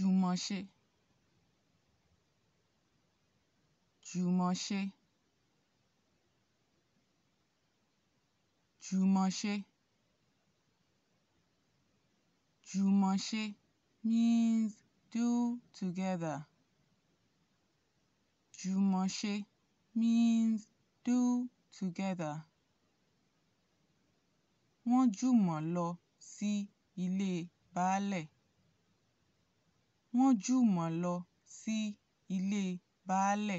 jùmọ̀ṣe jùmọ̀ṣe jùmọ̀ṣe jùmọ̀ṣe means do together jùmọ̀ṣe means do together wọ́n jùmọ̀ lọ sí ilé baálẹ̀ wọ́n jùmọ̀ lọ sí ilé baálé